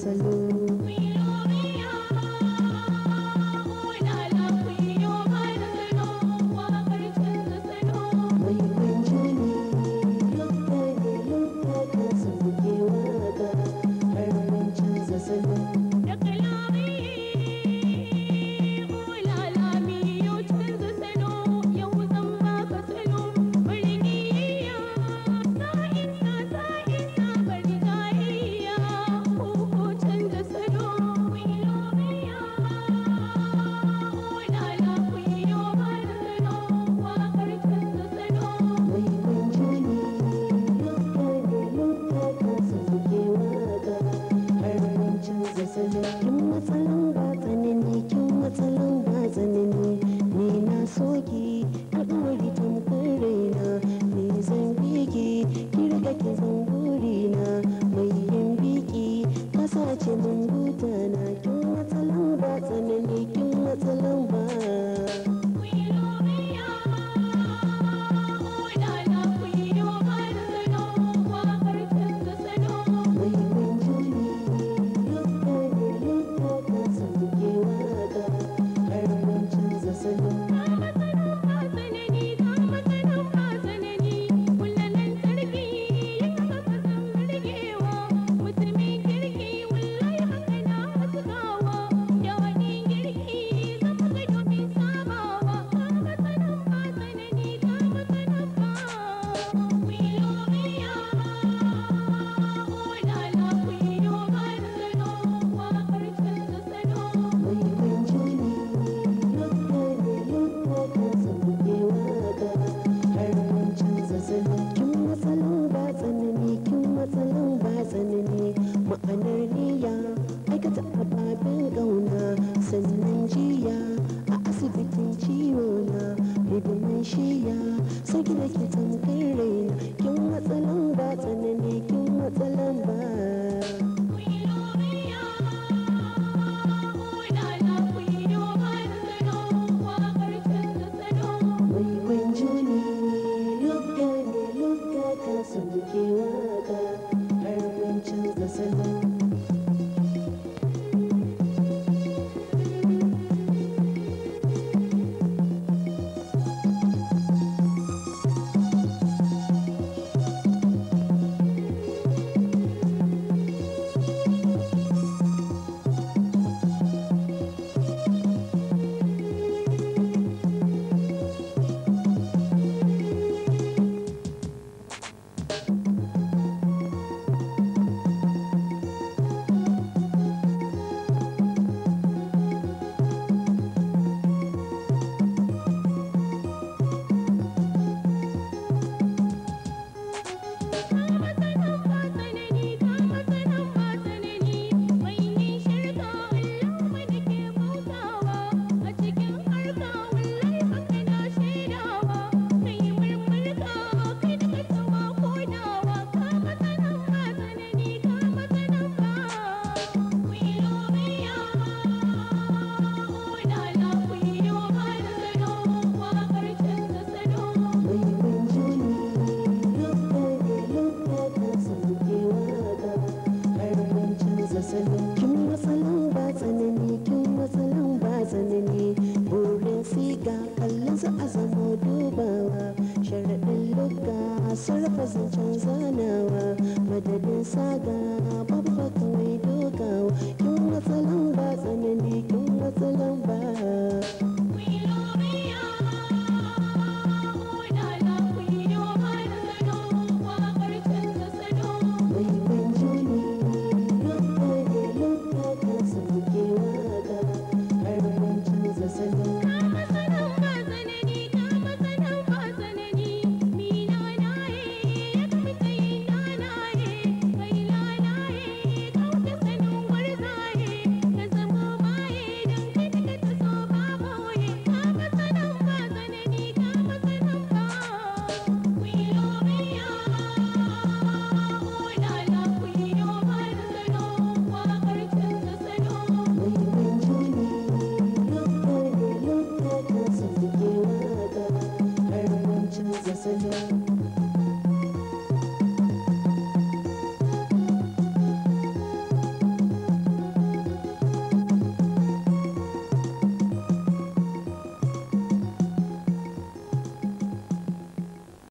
salud. zauna sannan jiya a asibitin ciwo na hidiman shiya saki da ke tamkar raina kin matsalan ba tsanani kin matsalan ba Thank you. zamo dubawa sharaɗin lugga sarrafa zancen zanawa madadin saga babu kawai dogawa kin matsalan ba tsanani kin matsalan ba